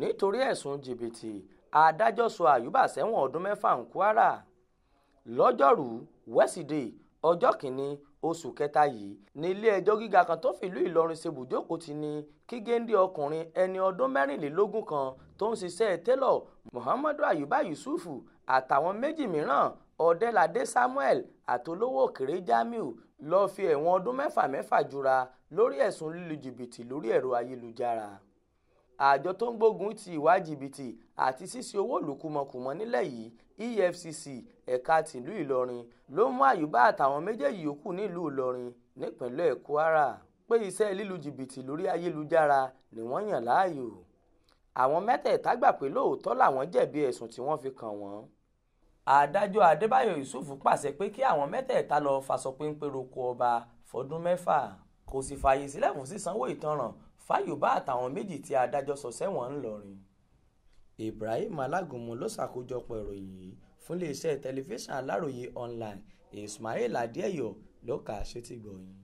nítorí ẹ̀sùn jìbìtì adájọ́ sọ àyùbá sẹ́wọ̀n ọdún mẹ́fà ní kwara lọ́jọ́rùú wẹ́sídẹ̀ẹ́ ọjọ́ kìíní oṣù kẹta yìí ní ilé-ẹjọ́ gíga kan tó fìlú ìlọrin ṣe bùjókòó ti ní kí géńdé ọkùnrin ẹni ọdún mẹ́rìnlélógún kan tó ń ṣiṣẹ́ télọ̀ muhammadu ayuba yusufu àtàwọn méjì mìíràn ọ̀dẹ́ladé samuel àtolówó òkèrè jamiu lọ́ọ́ fi ẹ̀wọ̀n ọdún mẹ́fà mẹ́fà jura lórí ẹ̀sùn lílu jìbìtì lórí ẹ̀rọ ayélujára àjọ tó ń gbógun ti ìwà jìbìtì àti ṣíṣe owó lòkùmọ̀kùmọ̀ nílẹ̀ yìí EFCC ẹ̀ka tìlú Ìlọrin ló mú Àyùbá àtàwọn méjèèjì yòókù nílùú Ìlọrin nípínlẹ̀ Kwara pé iṣẹ́ lílu jìbìtì lórí ayélujára ni wọ́n yàn láàyò àwọn mẹ́tẹ̀ẹ̀ta gbà pé lóòótọ́ làwọn jẹ̀bi ẹ̀sùn tí wọ́n fi kàn wọ́n adájọ́ Adébáyọ̀ Yusuf pàṣẹ pé kí àwọn mẹ́tẹ̀ẹ̀ta lọ faṣọ péńpé roko ọba fọdún mẹ́fà kò sì fààyè sílẹ̀ fún sísanwó ìtanràn fáyọ̀bá àtàwọn méjì tí adájọ́ sọ sẹ́wọ̀n ńlọrọrin ibrahim alágúnmu ló ṣàkójọpọ̀ ìròyìn yìí fún iléeṣẹ́ tẹlifíṣàn aláròye online ismail adéyọ ló kà á sétígbọ̀ọ́ yín